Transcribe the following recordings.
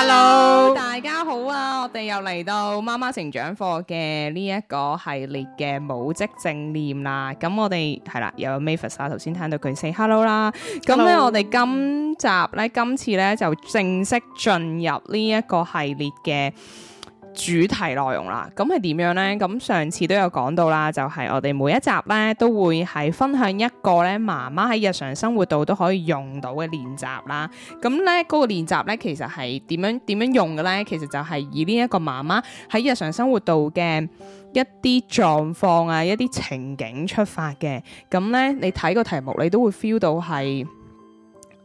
hello，大家好啊！我哋又嚟到媽媽成長課嘅呢一個系列嘅母職正念啦。咁我哋係啦，又有 Mavis 啊，頭先聽到佢 say hello 啦。咁咧，Hello. 我哋今集咧，今次咧就正式進入呢一個系列嘅。主題內容啦，咁係點樣呢？咁上次都有講到啦，就係、是、我哋每一集呢都會係分享一個呢媽媽喺日常生活度都可以用到嘅練習啦。咁呢嗰、那個練習呢，其實係點樣點樣用嘅呢？其實就係以呢一個媽媽喺日常生活度嘅一啲狀況啊，一啲情景出發嘅。咁呢，你睇個題目，你都會 feel 到係。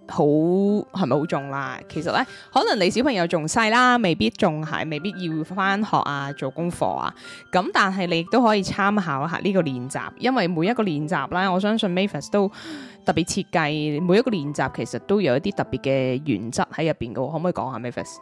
好，係咪好重啦？其實咧，可能你小朋友仲細啦，未必仲係，未必要返學啊，做功課啊。咁但係你亦都可以參考下呢個練習，因為每一個練習啦，我相信 Mavis 都特別設計每一個練習，其實都有一啲特別嘅原則喺入邊嘅。可唔可以講下 Mavis？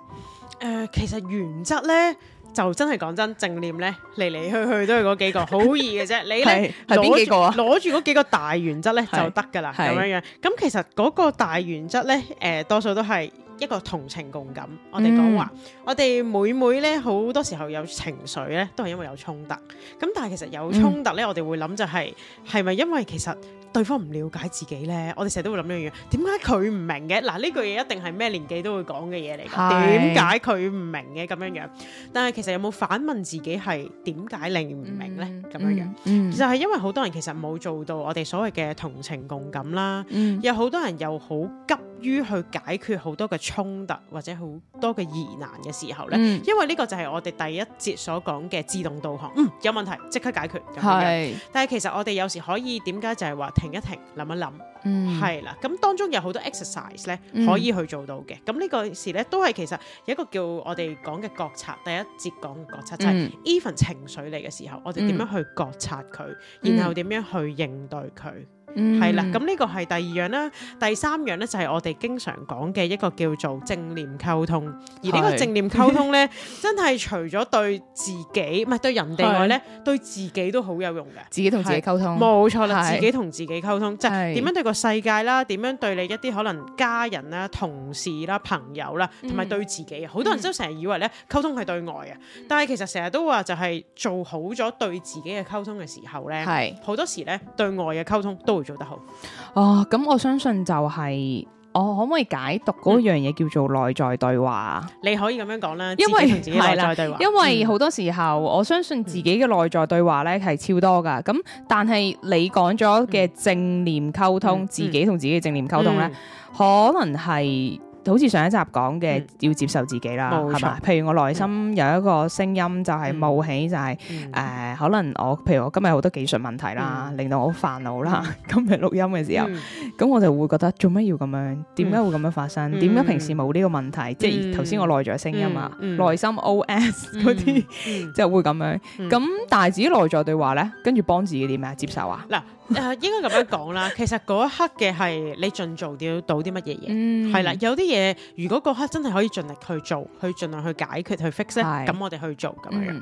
呃，其實原則咧，就真係講真，正念咧嚟嚟去去都係嗰幾個，好 易嘅啫。你咧係邊幾個啊？攞住嗰幾個大原則咧就得㗎啦，咁樣樣。咁其實嗰個大原則咧，誒、呃、多數都係一個同情共感。我哋講話，嗯、我哋每每咧好多時候有情緒咧，都係因為有衝突。咁但係其實有衝突咧，我哋會諗就係係咪因為其實，對方唔了解自己呢，我哋成日都會諗呢樣嘢。點解佢唔明嘅？嗱，呢句嘢一定係咩年紀都會講嘅嘢嚟。點解佢唔明嘅咁樣樣？但係其實有冇反問自己係點解你唔明呢？咁樣樣，嗯嗯、就係因為好多人其實冇做到我哋所謂嘅同情共感啦。嗯、有好多人又好急。於去解決好多嘅衝突或者好多嘅疑難嘅時候咧，嗯、因為呢個就係我哋第一節所講嘅自動導航，嗯，有問題即刻解決。係是，但係其實我哋有時可以點解就係話停一停，諗一諗，係啦、嗯。咁當中有好多 exercise 呢，可以去做到嘅。咁呢、嗯、個事呢，都係其實有一個叫我哋講嘅覺察，第一節講嘅覺察、嗯、就係 even 情緒嚟嘅時候，我哋點樣去覺察佢，嗯、然後點樣去應對佢。嗯係啦，咁呢個係第二樣啦，第三樣咧就係我哋經常講嘅一個叫做正念溝通，而呢個正念溝通咧，真係除咗對自己，唔係對人哋外咧，對自己都好有用嘅。自己同自己溝通，冇錯啦，自己同自己溝通，即係點樣對個世界啦，點樣對你一啲可能家人啦、同事啦、朋友啦，同埋對自己啊，好多人都成日以為咧溝通係對外啊，但係其實成日都話就係做好咗對自己嘅溝通嘅時候咧，係好多時咧對外嘅溝通都會。做得好啊！咁、哦、我相信就係、是、我可唔可以解讀嗰樣嘢叫做內在對話？嗯、你可以咁樣講啦，因為自己同自己內在對話。對，因為好多時候，嗯、我相信自己嘅內在對話咧係超多噶。咁但係你講咗嘅正念溝通，嗯嗯嗯、自己同自己嘅正念溝通咧，嗯、可能係。好似上一集講嘅，要接受自己啦，係嘛？譬如我內心有一個聲音，就係冒起，就係誒，可能我譬如我今日好多技術問題啦，令到我煩惱啦。今日錄音嘅時候，咁我就會覺得做咩要咁樣？點解會咁樣發生？點解平時冇呢個問題？即係頭先我內在聲音啊，內心 OS 嗰啲就會咁樣。咁但係自己內在對話咧，跟住幫自己點啊？接受啊！嗱。誒、 呃、應該咁樣講啦，其實嗰一刻嘅係你盡做到啲乜嘢嘢，係、嗯、啦，有啲嘢如果嗰刻真係可以盡力去做，去盡量去解決去 fix 咧，咁是我哋去做咁、嗯、樣。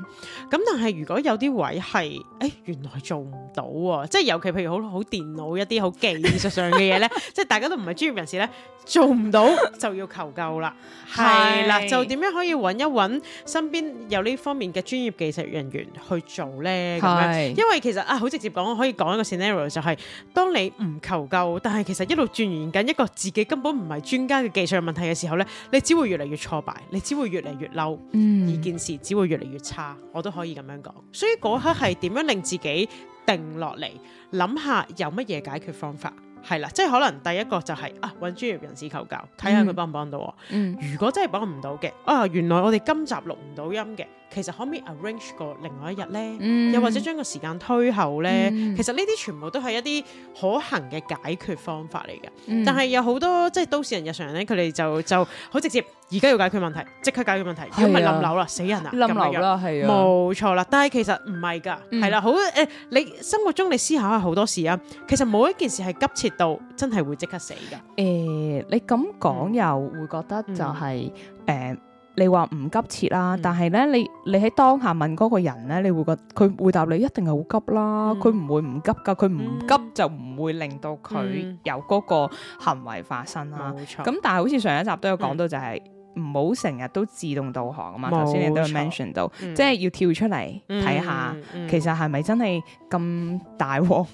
咁但係如果有啲位係誒原來做唔到喎、啊，即係尤其譬如好好電腦一啲好技術上嘅嘢咧， 即係大家都唔係專業人士咧，做唔到就要求救啦，係是啦，就點樣可以揾一揾身邊有呢方面嘅專業技術人員去做咧？咁樣，是因為其實啊，好直接講，可以講一個先咧。就係當你唔求救，但係其實一路鑽研緊一個自己根本唔係專家嘅技術問題嘅時候咧，你只會越嚟越挫敗，你只會越嚟越嬲，嗯、而件事只會越嚟越差。我都可以咁樣講，所以嗰刻係點樣令自己定落嚟，諗下有乜嘢解決方法？係啦，即係可能第一個就係、是、啊，揾專業人士求救，睇下佢幫唔幫到我。嗯嗯、如果真係幫唔到嘅，啊，原來我哋今集錄唔到音嘅。其實可唔可以 arrange 過另外一日咧？又或者將個時間推後咧？其實呢啲全部都係一啲可行嘅解決方法嚟嘅。但係有好多即係都市人、日常人咧，佢哋就就好直接，而家要解決問題，即刻解決問題，如果唔係冧樓啦，死人啦，冧樓啦，係冇錯啦。但係其實唔係㗎，係啦，好，誒，你生活中你思考下好多事啊。其實冇一件事係急切到真係會即刻死㗎。誒，你咁講又會覺得就係誒。你話唔急切啦，嗯、但係咧，你你喺當下問嗰個人咧，你會覺佢回答你一定係好急啦，佢唔、嗯、會唔急㗎，佢唔急就唔會令到佢有嗰個行為發生啦。冇錯、咁、嗯、但係好似上一集都有講到就、嗯，就係。唔好成日都自動導航啊嘛！頭先你都有 mention 到，即係要跳出嚟睇下，其實係咪真係咁大鑊？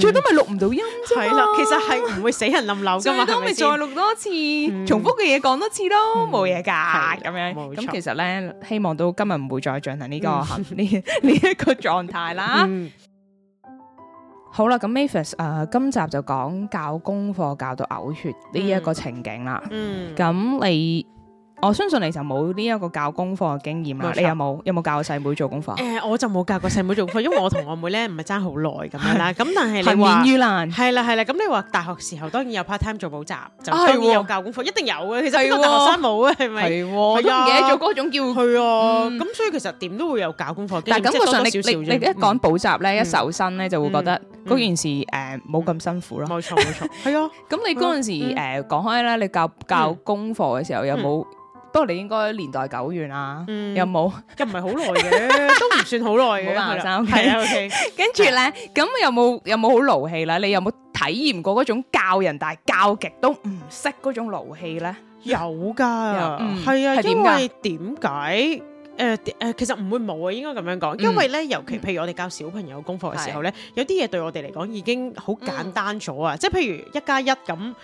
最多咪錄唔到音啫。其實係唔會死人冧樓，最多咪再錄多次，重複嘅嘢講多次咯，冇嘢㗎。咁樣咁其實咧，希望到今日唔會再進行呢個呢呢一個狀態啦。好啦，咁 Mavis，誒，今集就講教功課教到嘔血呢一個情景啦。嗯。咁你，我相信你就冇呢一個教功課嘅經驗啊？你有冇有冇教細妹做功課？誒，我就冇教過細妹做功課，因為我同我妹咧唔係爭好耐咁樣。係啦。咁但係你話。貧乳難。係啦，係啦。咁你話大學時候當然有 part time 做補習，就當然有教功課，一定有嘅。其實一個大學生冇啊，係咪？係喎。我都唔記得做嗰種叫。係啊。咁所以其實點都會有教功課。但係感覺上你你一講補習咧，一手身咧就會覺得嗰件事誒冇咁辛苦啦，冇錯冇錯，係啊。咁你嗰陣時誒講開啦，你教教功課嘅時候有冇？不過你應該年代久遠啦，有冇？又唔係好耐嘅，都唔算好耐嘅啦，係啊 OK。跟住咧，咁有冇有冇好勞氣啦？你有冇體驗過嗰種教人但係教極都唔識嗰種勞氣咧？有㗎，係啊，因為點解？誒誒、呃呃，其實唔會冇啊，應該咁樣講，嗯、因為咧，尤其譬如我哋教小朋友功課嘅時候咧，是有啲嘢對我哋嚟講已經好簡單咗啊，嗯、即係譬如一加一咁。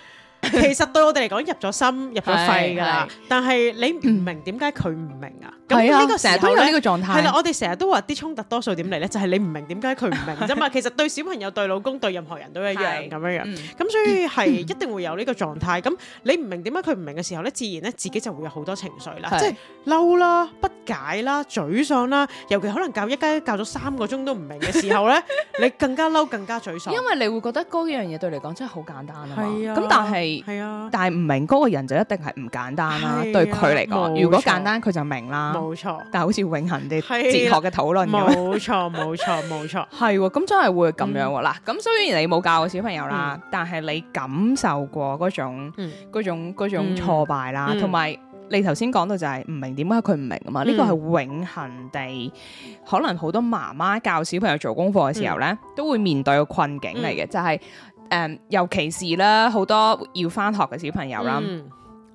其實對我哋嚟講，入咗心，入咗肺噶啦。但係你唔明點解佢唔明啊？係啊。咁呢個成日都有呢個狀態。係啦，我哋成日都話啲衝突多數點嚟咧，就係你唔明點解佢唔明啫嘛。其實對小朋友、對老公、對任何人都一樣咁樣樣。咁所以係一定會有呢個狀態。咁你唔明點解佢唔明嘅時候咧，自然咧自己就會有好多情緒啦，即係嬲啦、不解啦、沮喪啦。尤其可能教一加一教咗三個鐘都唔明嘅時候咧，你更加嬲、更加沮喪。因為你會覺得嗰樣嘢對你嚟講真係好簡單啊嘛。係啊。咁但係。係啊，但係唔明嗰個人就一定係唔簡單啦，對佢嚟講，如果簡單佢就明啦，冇錯。但係好似永恒啲哲學嘅討論，冇錯冇錯冇錯，係喎，咁真係會咁樣嗱，咁雖然你冇教過小朋友啦，但係你感受過嗰種、種、種挫敗啦，同埋你頭先講到就係唔明點解佢唔明啊嘛，呢個係永恒地可能好多媽媽教小朋友做功課嘅時候咧，都會面對個困境嚟嘅，就係。誒，um, 尤其是啦，好多要返學嘅小朋友啦，嗯、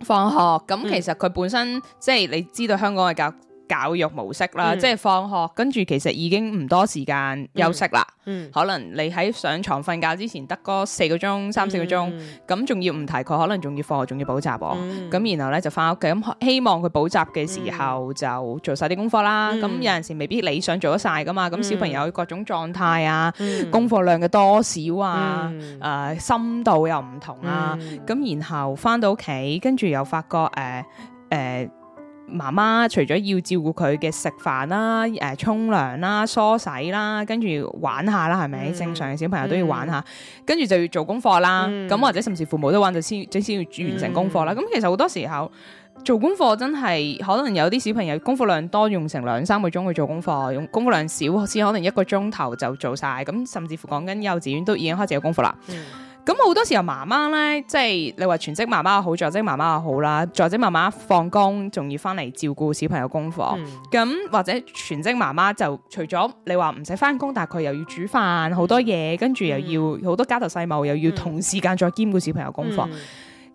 放學咁，其實佢本身、嗯、即係你知道香港嘅教育。教育模式啦，嗯、即係放學，跟住其實已經唔多時間休息啦。嗯、可能你喺上床瞓覺之前得嗰四個鐘、三四個鐘，咁仲、嗯、要唔提，佢可能仲要課，仲要補習喎。咁、嗯、然後呢，就翻屋企，咁希望佢補習嘅時候就做晒啲功課啦。咁、嗯、有陣時未必理想做得晒噶嘛。咁小朋友各種狀態啊，嗯、功課量嘅多少啊，誒、嗯呃、深度又唔同啊。咁、嗯嗯嗯、然後翻到屋企，跟住又發覺誒誒。呃呃呃媽媽除咗要照顧佢嘅食飯啦、誒沖涼啦、梳洗啦，跟住玩下啦，係咪、嗯、正常嘅小朋友都要玩下？嗯、跟住就要做功課啦。咁、嗯、或者甚至父母都玩，就先整先要完成功課啦。咁、嗯、其實好多時候做功課真係可能有啲小朋友功課量多，用成兩三個鐘去做功課；用功課量少，先可能一個鐘頭就做晒。咁甚至乎講緊幼稚園都已經開始有功課啦。嗯咁好多時候媽媽咧，即係你話全職媽媽又好，在職媽媽又好啦，在職媽媽放工仲要翻嚟照顧小朋友功課。咁、嗯嗯、或者全職媽媽就除咗你話唔使翻工，但係佢又要煮飯好多嘢，跟住又要好、嗯、多家頭細務，又要同時間再兼顧小朋友功課。嗯、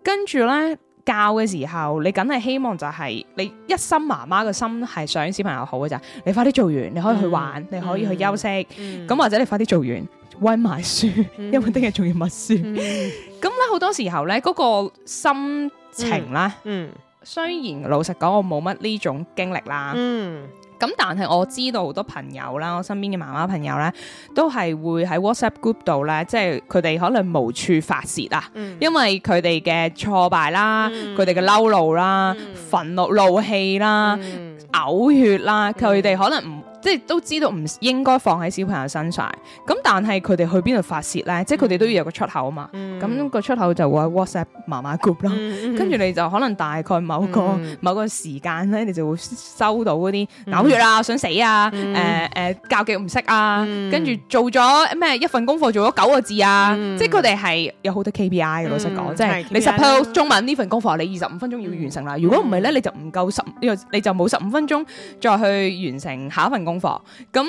跟住咧教嘅時候，你梗係希望就係、是、你一心媽媽嘅心係想小朋友好嘅咋。你快啲做完，你可，嗯、你可以去玩，你可以去休息，咁、嗯嗯、或者你快啲做完。溫埋書， 因為聽日仲要默書、 嗯。咁、嗯、咧，好 多時候咧，嗰、嗰個心情啦、嗯，嗯，雖然老實講，我冇乜呢種經歷啦，嗯，咁但係我知道好多朋友啦，我身邊嘅媽媽朋友咧，都係會喺 WhatsApp group 度咧，即係佢哋可能無處發泄啊，嗯、因為佢哋嘅挫敗啦，佢哋嘅嬲怒啦，憤、嗯、怒怒氣啦，嘔、嗯呃、血啦，佢哋可能唔。嗯即係都知道唔應該放喺小朋友身上，咁但係佢哋去邊度發洩咧？即係佢哋都要有個出口啊嘛。咁個出口就會喺 WhatsApp 媽媽 group 咯。跟住你就可能大概某個某個時間咧，你就會收到啲嘔血啊、想死啊、誒誒教極唔識啊，跟住做咗咩一份功課做咗九個字啊。即係佢哋係有好多 KPI 嘅。老實講，即係你 suppose 中文呢份功課你二十五分鐘要完成啦。如果唔係咧，你就唔夠十，呢個你就冇十五分鐘再去完成下一份功，功課咁，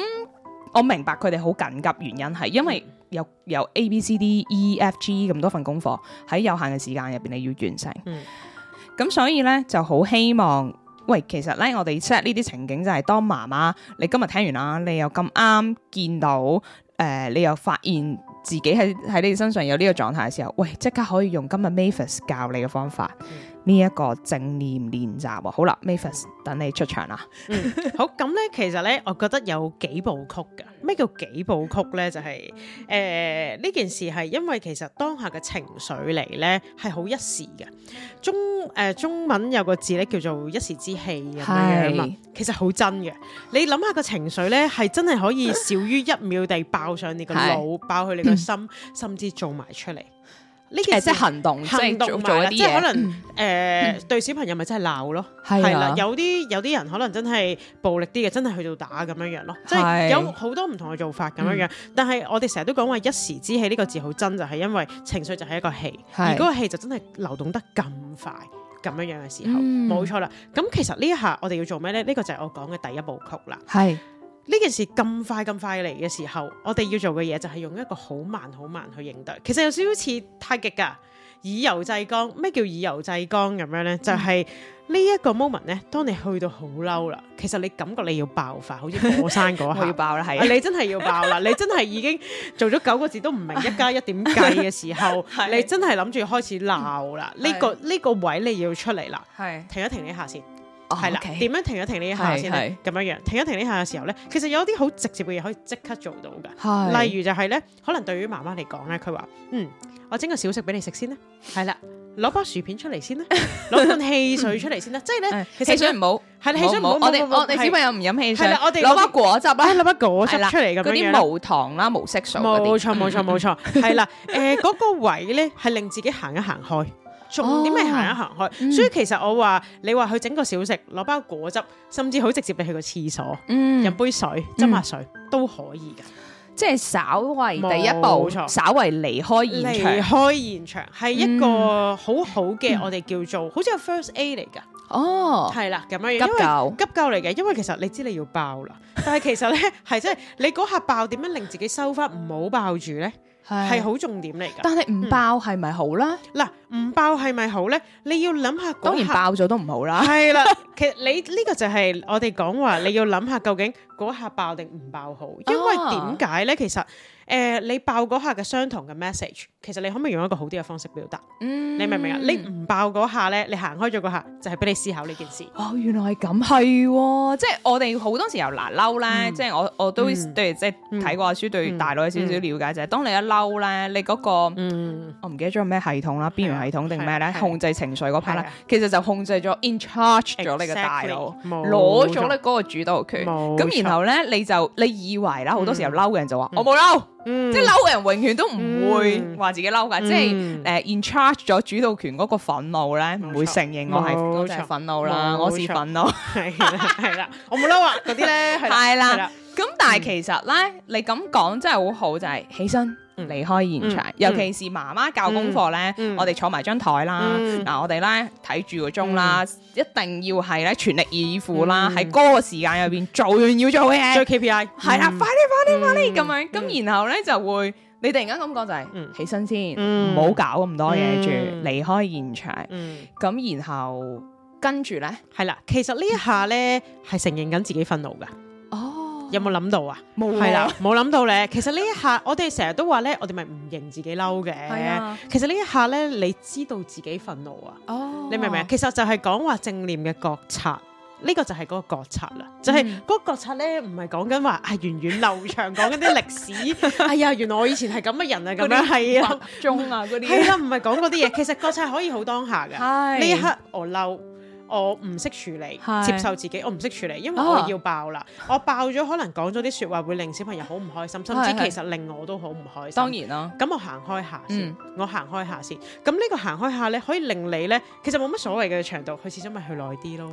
我明白佢哋好緊急，原因係因為有有 A B C D E F G 咁多份功課喺有限嘅時間入邊，你要完成。咁、嗯、所以呢，就好希望，喂，其實呢，我哋 set 呢啲情景就係，當媽媽，你今日聽完啦，你又咁啱見到，誒、呃，你又發現自己喺喺你身上有呢個狀態嘅時候，喂，即刻可以用今日 Mavis 教你嘅方法。嗯呢一個正念練習，好啦 Mavis 等你出場啦、嗯。好咁呢，其實呢，我覺得有幾部曲噶。咩叫幾部曲呢？就係誒呢件事係因為其實當下嘅情緒嚟呢係好一時嘅。中誒、呃、中文有個字呢叫做一時之氣咁樣是、嗯、其實好真嘅。你諗下個情緒呢，係真係可以少於一秒地爆上你個腦，是爆去你個心， 甚至做埋出嚟。呢件即行動，即做做啲嘢，即可能誒、嗯呃、對小朋友咪真係鬧咯，係是、啊、啦。有啲有啲人可能真係暴力啲嘅，真係去到打咁樣樣咯。即有好多唔同嘅做法咁樣樣。是的 但係我哋成日都講話一時之氣呢、這個字好真，就係、是、因為情緒就係一個氣，是的 而嗰個氣就真係流動得咁快咁樣樣嘅時候，冇錯、嗯、啦。咁其實呢一下我哋要做咩咧？呢、這個就係我講嘅第一部曲啦。係。呢件事咁快咁快嚟嘅時候，我哋要做嘅嘢就係用一個好慢好慢去應對。其實有少少似太極噶，以柔制剛。咩叫以柔制剛咁樣呢？就係呢一個 moment 呢當你去到好嬲啦，其實你感覺你要爆發，好似火山嗰下， 要爆啦，係、啊、你真係要爆啦， 你真係已經做咗九個字都唔明一加一點計嘅時候， 啊、你真係諗住開始鬧啦。呢、啊呢個呢、呢個位你要出嚟啦，係、啊啊、停一停呢下先。係啦，點樣停一停呢下先啦？咁樣樣，停一停呢下嘅時候咧，其實有啲好直接嘅嘢，可以即刻做到噶。例如就係咧，可能對於媽媽嚟講咧，佢話：嗯，我整個小食俾你食先啦。係啦，攞包薯片出嚟先啦，攞罐汽水出嚟先啦。即係咧，汽水唔好，係汽水唔好。我哋我哋小朋友唔飲汽水。我哋攞包果汁啦，攞包果汁出嚟咁樣樣。嗰啲無糖啦，無色素。冇錯，冇錯，冇錯。係啦，誒，嗰個位咧，係令自己行一行開。點咪行一行去，所以其實我話你話去整個小食，攞包果汁，甚至好直接你去個廁所，飲杯水，斟下水都可以噶，即係稍為第一步，冇錯，稍為離開現場，離開現場係一個好好嘅，我哋叫做好似係 first aid 嚟噶。哦，係啦咁樣，急救急救嚟嘅，因為其實你知你要爆啦，但係其實咧係即係你嗰下爆點樣令自己收翻唔好爆住咧？係好重點嚟㗎，但係唔爆係咪好啦？嗱、嗯，唔爆係咪好咧？你要諗下，當然爆咗都唔好啦。係 啦，其實你呢、呢個就係我哋講話，你要諗下究竟嗰下爆定唔爆好？因為點解咧？啊、其實。誒，你爆嗰下嘅相同嘅 message，其實你可唔可以用一個好啲嘅方式表達？嗯，你明唔明啊？你唔爆嗰下咧，你行開咗嗰下就係俾你思考呢件事。哦，原來係咁，係即係我哋好多時候嗱嬲咧，即係我我都即係睇過書，對大腦有少少了解就係，當你一嬲咧，你嗰個我唔記得咗咩系統啦，邊緣系統定咩咧？控制情緒嗰 part 咧，其實就控制咗 in charge 咗你個大腦，攞咗你嗰個主導權。咁然後咧，你就你以為啦，好多時候嬲嘅人就話我冇嬲。嗯、即係嬲嘅人，永遠都唔會話自己嬲噶，嗯、即係誒、uh，in charge 咗主導權嗰個憤怒咧，唔錯會承認我係錯我係憤怒啦，錯我是憤怒錯，係係啦，我冇嬲啊嗰啲咧係啦，咁 但係其實咧，你咁講真係好好，就係、是、起身。離開現場，尤其是媽媽教功課咧，我哋坐埋張台啦，嗱我哋咧睇住個鐘啦，一定要係咧全力以赴啦，喺嗰個時間入邊做完要做嘅嘢，追 KPI 係啦，快啲快啲快啲咁樣，咁然後咧就會，你突然間咁講就係起身先，唔好搞咁多嘢住離開現場，咁然後跟住咧係啦，其實呢一下咧係承認緊自己憤怒噶。有冇諗到啊？冇係啦，冇諗到咧。其實呢一下，我哋成日都話咧，我哋咪唔認自己嬲嘅。的其實呢一下咧，你知道自己憤怒啊？哦，你明唔明啊？其實就係講話正念嘅覺察。呢、這個就係嗰個覺察啦。就係、是、嗰個覺察咧，唔係講緊話啊，源遠流長講緊啲歷史。 哎呀，原來我以前係咁嘅人 啊，咁樣係啊，中啊嗰啲。係 啊，唔係講嗰啲嘢。其實覺察可以好當下噶。呢 的 一刻我嬲。我唔識處理，接受自己，我唔識處理，因為我要爆啦，我爆咗可能講咗啲說話會令小朋友好唔開心，甚至其實令我都好唔開心。當然啦，咁我行開下先，我行開下先。咁呢個行開下咧，可以令你咧，其實冇乜所謂嘅長度，去廁所咪去耐啲咯。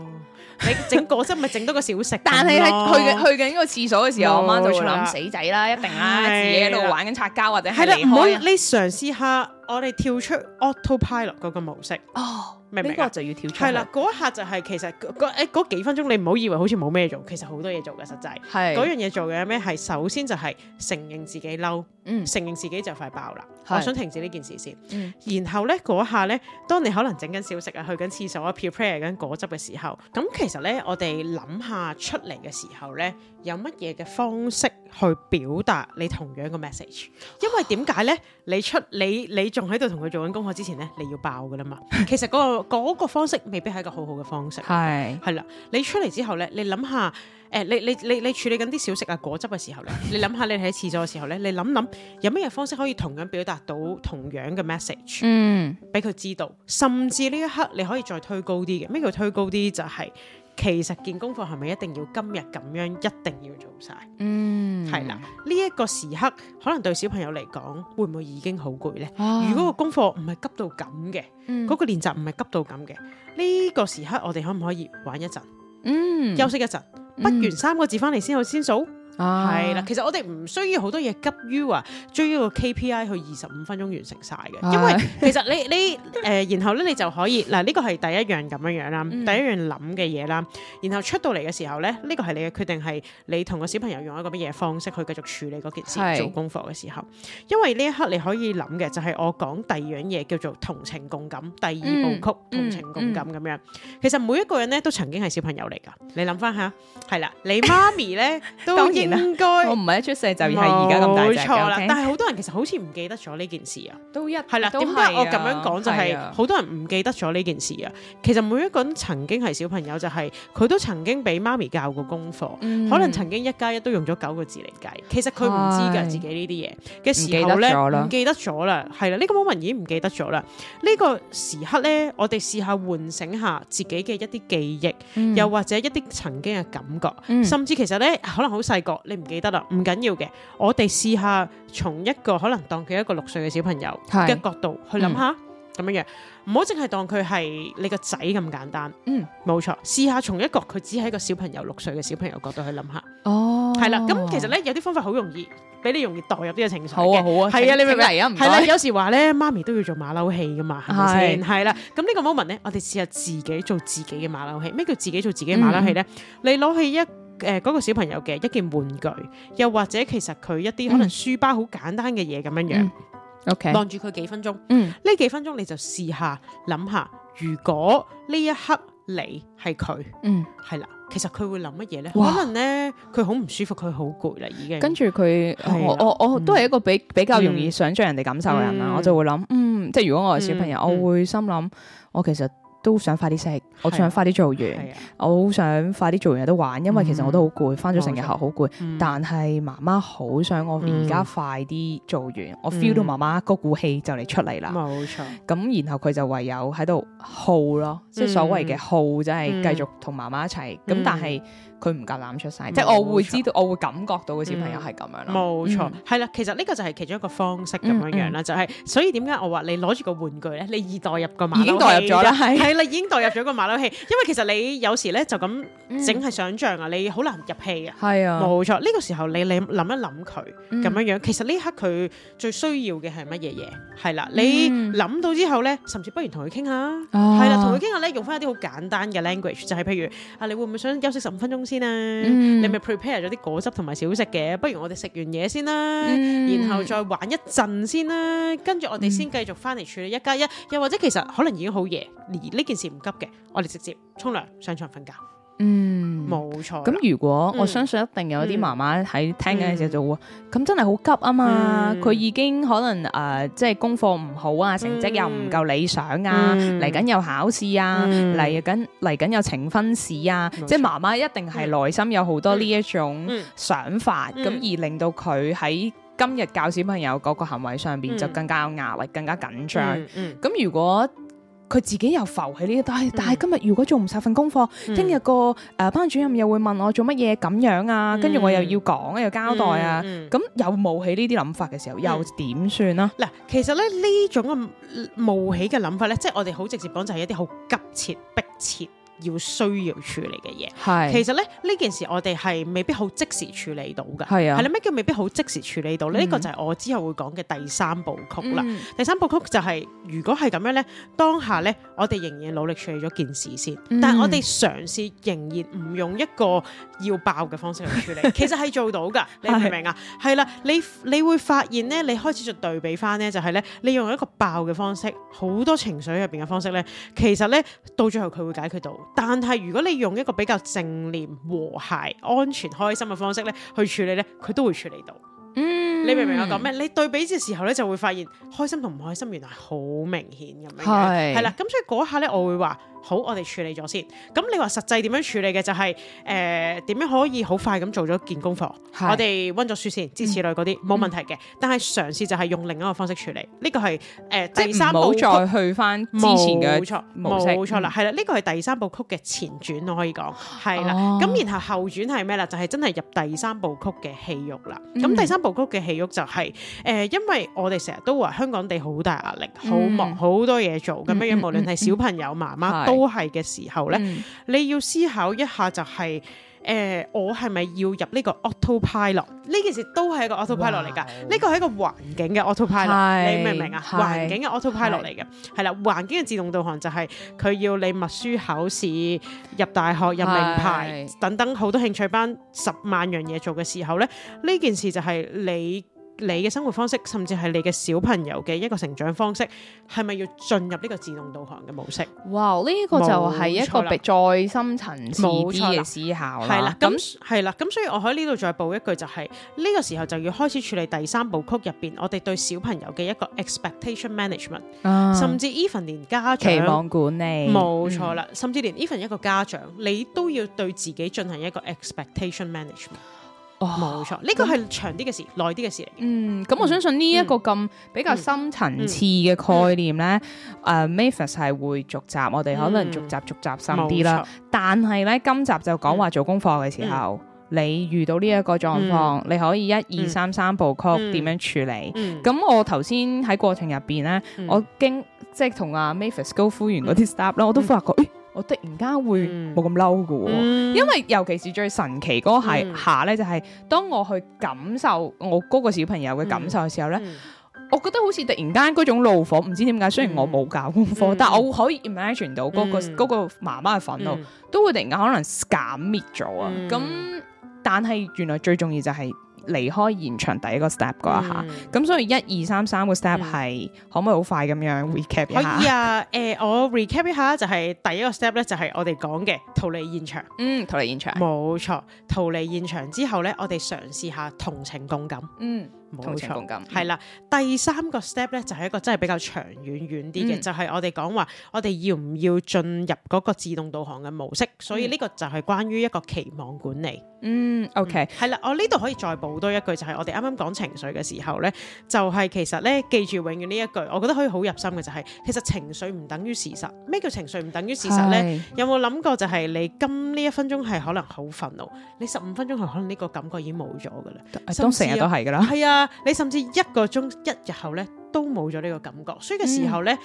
你整個果汁咪整多個小食。但係喺去嘅去緊個廁所嘅時候，我媽就會諗死仔啦，一定啦，自己喺度玩緊擦膠或者係。係啦，可以你嘗試下，我哋跳出 auto pilot 嗰個模式。哦。呢一刻就要跳出去。係啦，嗰一下就係其實嗰誒幾分鐘，你唔好以為好似冇咩做，其實好多嘢做嘅實際。係是。嗰樣嘢做嘅咩係首先就係承認自己嬲，嗯、承認自己就快爆啦，是我想停止呢件事先。嗯、然後咧嗰下咧，當你可能整緊小食啊，去緊廁所啊，prepare 緊果汁嘅時候，咁其實咧我哋諗下出嚟嘅時候咧，有乜嘢嘅方式？去表達你同樣嘅 message，因為點解呢？你出你你仲喺度同佢做緊功課之前咧，你要爆㗎啦嘛。其實嗰、那個、 個方式未必係一個好好嘅方式，係係啦。你出嚟之後呢，你諗下，誒、呃、你你你你，你處理緊啲小食啊果汁嘅時候呢，你諗下你喺廁所嘅時候呢，你諗諗有咩嘢方式可以同樣表達到同樣嘅 message？嗯，俾佢 知道，甚至呢一刻你可以再推高啲嘅，咩叫推高啲就係、是。其實件功課係咪一定要今日咁樣一定要做晒？嗯，係啦，呢、這、一個時刻可能對小朋友嚟講會唔會已經好攰呢？啊、如果個功課唔係急到咁嘅，嗰、嗯、個練習唔係急到咁嘅，呢、這個時刻我哋可唔可以玩一陣？嗯，休息一陣，筆完、嗯、三個字翻嚟先數，去先數。係啦、啊，其實我哋唔需要好多嘢急於啊追呢個 KPI 去二十五分鐘完成晒嘅，啊、因為其實你你誒、 呃，然後咧你就可以嗱呢、呢個係第一樣咁樣樣啦，嗯、第一樣諗嘅嘢啦，然後出到嚟嘅時候咧，呢、呢個係你嘅決定係你同個小朋友用一個乜嘢方式去繼續處理嗰件事是 做功課嘅時候，因為呢一刻你可以諗嘅就係、是、我講第二樣嘢叫做同情共感，第二部曲、嗯、同情共感咁樣，其實每一個人咧都曾經係小朋友嚟噶，你諗翻下，係啦，你媽咪咧都認。 當然 當然應該我唔係一出世就係而家咁大隻，但係好多人其實好似唔記得咗呢件事啊，都一係啦。點解我咁樣講就係好多人唔記得咗呢件事啊？其實每一個人曾經係小朋友，就係佢都曾經俾媽咪教過功課，可能曾經一加一都用咗九個字嚟計。其實佢唔知噶自己呢啲嘢嘅時候咧，唔記得咗啦，係啦，呢個 moment 已經唔記得咗啦。呢個時刻咧，我哋試下喚醒下自己嘅一啲記憶，又或者一啲曾經嘅感覺，甚至其實咧可能好細個。你唔記得啦，唔緊要嘅。我哋試下從一個可能當佢一個六歲嘅小朋友嘅角度去諗下，咁樣、嗯、樣，唔好淨係當佢係你個仔咁簡單。嗯，冇錯。試下從一個佢只係一個小朋友六歲嘅小朋友角度去諗下。哦，係啦。咁其實咧有啲方法好容易俾你容易代入呢個情緒。好啊，好啊。係啊，啊，你明唔明啊？係啦，有時話咧，媽咪都要做馬騮戲噶嘛，係咪先？係啦是。咁呢個 moment 咧，我哋試下自己做自己嘅馬騮戲。咩叫自己做自己嘅馬騮戲咧？嗯嗯、你攞起一。誒，嗰、呃嗰個小朋友嘅一件玩具，又或者其實佢一啲可能書包好簡單嘅嘢咁樣樣，OK，望住佢幾分鐘，嗯，呢幾分鐘你就試下諗下，如果呢一刻你係佢，嗯，係啦，其實佢會諗乜嘢咧？哇可能咧佢好唔舒服，佢好攰啦，已經。跟住佢、嗯嗯，我我我都係一個比比較容易想象人哋感受嘅人啦，嗯、我就會諗，嗯，即係如果我係小朋友，嗯嗯、我會心諗，我其實。都想快啲食，我想快啲做完，啊啊、我好想快啲做完都玩，因為其實我都好攰，嗯、翻咗成日學好攰，冇錯、但係媽媽好想我而家快啲做完，嗯、我 feel 到媽媽嗰股氣就嚟出嚟啦，冇錯。咁然後佢就唯有喺度耗咯，嗯、即係所謂嘅耗，就係繼續同媽媽一齊。咁、嗯、但係。嗯嗯佢唔夠膽出聲，即係我會知道，我會感覺到個小朋友係咁樣啦。冇錯，係啦，其實呢個就係其中一個方式咁樣樣啦，就係所以點解我話你攞住個玩具咧，你已代入個馬騮已經代入咗啦，係係啦，已經代入咗個馬騮戲，因為其實你有時咧就咁整係想像啊，你好難入戲啊，係啊，冇錯，呢個時候你你諗一諗佢咁樣樣，其實呢刻佢最需要嘅係乜嘢嘢？係啦，你諗到之後咧，甚至不如同佢傾下，係啦，同佢傾下咧，用翻一啲好簡單嘅 language，就係譬如啊，你會唔會想休息十五分鐘？先啦、啊，嗯、你咪 prepare 咗啲果汁同埋小食嘅，不如我哋食完嘢先啦、啊，嗯、然後再玩一陣先啦、啊，跟住我哋先繼續翻嚟處理一加一，1，嗯、又或者其實可能已經好夜，而呢件事唔急嘅，我哋直接沖涼上床瞓覺。嗯，冇錯。咁，如果我相信一定有啲媽媽喺聽緊嘅時候就會，咁、嗯、真係好急啊嘛！佢、嗯、已經可能誒，uh，即係功課唔好啊，嗯、成績又唔夠理想啊，嚟緊、嗯、有考試啊，嚟緊嚟緊又呈分試啊，錯即係媽媽一定係內心有好多呢一種想法，咁、嗯嗯、而令到佢喺今日教小朋友嗰個行為上邊就更加有壓力，更加緊張。咁、嗯嗯嗯、如果佢自己又浮起呢、哎？但係但係今日如果做唔晒份功課，聽日、嗯、個誒班主任又會問我做乜嘢咁樣啊？跟住我又要講，又交代啊！咁、嗯嗯、又冒起呢啲諗法嘅時候，嗯、又點算啦？嗱，其實咧呢種嘅冒起嘅諗法咧，即係我哋好直接講，就係一啲好急切、迫切。要需要處理嘅嘢，是其實咧呢件事我哋係未必好即時處理到嘅，係啦，咩叫未必好即時處理到咧？呢、嗯、個就係我之後會講嘅第三部曲啦。嗯、第三部曲就係、是、如果係咁樣呢，當下呢，我哋仍然努力處理咗件事先，但係我哋嘗試仍然唔用一個要爆嘅方式去處理，嗯、其實係做到㗎， 你明唔明啊？係是啦，你你會發現呢，你開始就對比翻呢，就係呢，你用一個爆嘅方式，好多情緒入邊嘅方式呢，其實呢，到最後佢會解決到。但係如果你用一個比較正面、和諧、安全、開心嘅方式咧，去處理咧，佢都會處理到。嗯，你明唔明我講咩？你對比嘅時候咧，就會發現開心同唔開心，原來好明顯咁樣。係係啦，咁所以嗰下咧，我會話好，我哋處理咗先。咁你話實際點樣處理嘅就係誒，點樣可以好快咁做咗件功課，我哋溫咗書先，支持類嗰啲冇問題嘅。但係嘗試就係用另一個方式處理，呢個係誒第三部曲再去翻之前嘅，冇錯，冇錯啦。係啦，呢個係第三部曲嘅前轉，我可以講係啦。咁然後後轉係咩啦？就係真係入第三部曲嘅戲肉啦。咁第三。部曲嘅戲肉就係誒，因為我哋成日都話香港地好大壓力，好忙，好多嘢做咁樣，無論係小朋友媽媽都係嘅時候咧，嗯、你要思考一下就係、是。誒、呃，我係咪要入呢個 autopilot？呢件事都係一個 autopilot 嚟㗎。呢個係一個環境嘅 autopilot，是你明唔明啊？環是境嘅 autopilot 嚟嘅，係啦是，環境嘅自動導航就係、是、佢要你默書考試、入大學、入名牌等等好多興趣班十萬樣嘢做嘅時候咧，呢件事就係你。你嘅生活方式，甚至係你嘅小朋友嘅一個成長方式，係咪要進入呢個自動導航嘅模式？哇！呢個就係一個再深層次、冇錯嘅思考啦。係啦，咁係啦，咁所以我喺呢度再補一句、就是，就係呢個時候就要開始處理第三部曲入邊，我哋對小朋友嘅一個 expectation management，、嗯、甚至 even 連家長期望管理，冇錯啦，嗯、甚至連 even 一個家長，你都要對自己進行一個 expectation management。哇，冇錯，呢個係長啲嘅事，耐啲嘅事嚟嘅，嗯，咁我相信呢一個咁比較深層次嘅概念咧，誒，Mavis 係會逐集，我哋可能逐集逐集深啲啦。但係咧，今集就講話做功課嘅時候，你遇到呢一個狀況，你可以一二三三步曲點樣處理？咁我頭先喺過程入邊咧，我經即係同阿 Mavis go 完嗰啲 step 咧，我都發覺。我突然間會冇咁嬲㗎，嗯、因為尤其是最神奇嗰個係、嗯、下咧，就係、是、當我去感受我嗰個小朋友嘅感受嘅時候咧，嗯嗯、我覺得好似突然間嗰種怒火，唔知點解，雖然我冇教功課，嗯、但係我可以 imagine 到嗰、那個嗰、嗯、個媽媽嘅憤怒都會突然間可能減滅咗啊！咁、嗯、但係原來最重要就係。離開現場第一個 step 嗰一下，咁、嗯、所以一二三三個 step 係可唔可以好快咁樣 recap 一下、嗯？可以啊，誒、呃，我 recap 一下就係第一個 step 咧，就係我哋講嘅逃離現場。嗯，逃離現場。冇錯，逃離現場之後咧，我哋嘗試下同情共感。嗯。冇錯，係啦。第三個 step 咧就係一個真係比較長遠遠啲嘅，嗯、就係我哋講話，我哋要唔要進入嗰個自動導航嘅模式？所以呢個就係關於一個期望管理。嗯，OK，係啦。我呢度可以再補多一句，就係、是、我哋啱啱講情緒嘅時候咧，就係、是、其實咧記住永遠呢一句，我覺得可以好入心嘅就係、是、其實情緒唔等於事實。咩叫情緒唔等於事實咧？是有冇諗過就係你今呢一分鐘係可能好憤怒，你十五分鐘係可能呢個感覺已經冇咗噶啦。當成日都係噶啦，係至啊。 你甚至一個鐘一日後咧都冇咗呢個感覺，所以嘅時候咧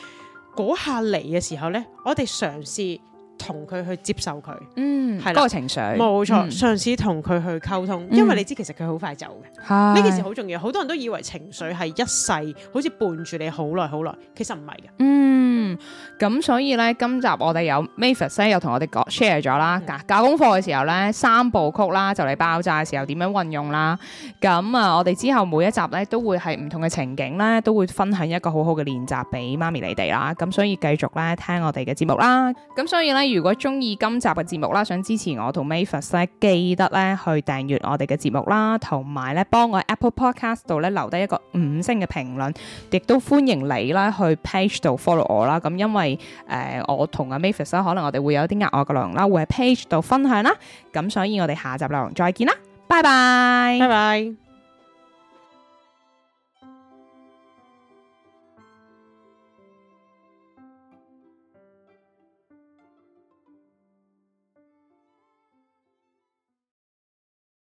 嗰、嗯、下嚟嘅時候咧，我哋嘗試。同佢去接受佢，嗯，係嗰個情緒，冇錯。嗯、上次同佢去溝通，嗯、因為你知其實佢好快走嘅，呢、嗯、件事好重要。好多人都以為情緒係一世，好似伴住你好耐好耐，其實唔係嘅。嗯，咁所以咧，今集我哋有 Mavis 又同我哋講 share 咗啦。嗱，教功課嘅時候咧，三部曲啦，就嚟爆炸嘅時候點樣運用啦。咁啊，我哋之後每一集咧都會係唔同嘅情景咧，都會分享一個好好嘅練習俾媽咪你哋啦。咁所以繼續咧聽我哋嘅節目啦。咁所以咧。如果中意今集嘅節目啦，想支持我同 Mavis 記得咧去訂閱我哋嘅節目啦，同埋咧幫我 Apple Podcast 度咧留低一個五星嘅評論，亦都歡迎你啦去 Page 度 follow 我啦。咁因為誒、呃、我同阿 Mavis 可能我哋會有啲額外嘅內容啦，會喺 Page 度分享啦。咁所以我哋下集內容再見啦，拜拜，拜拜。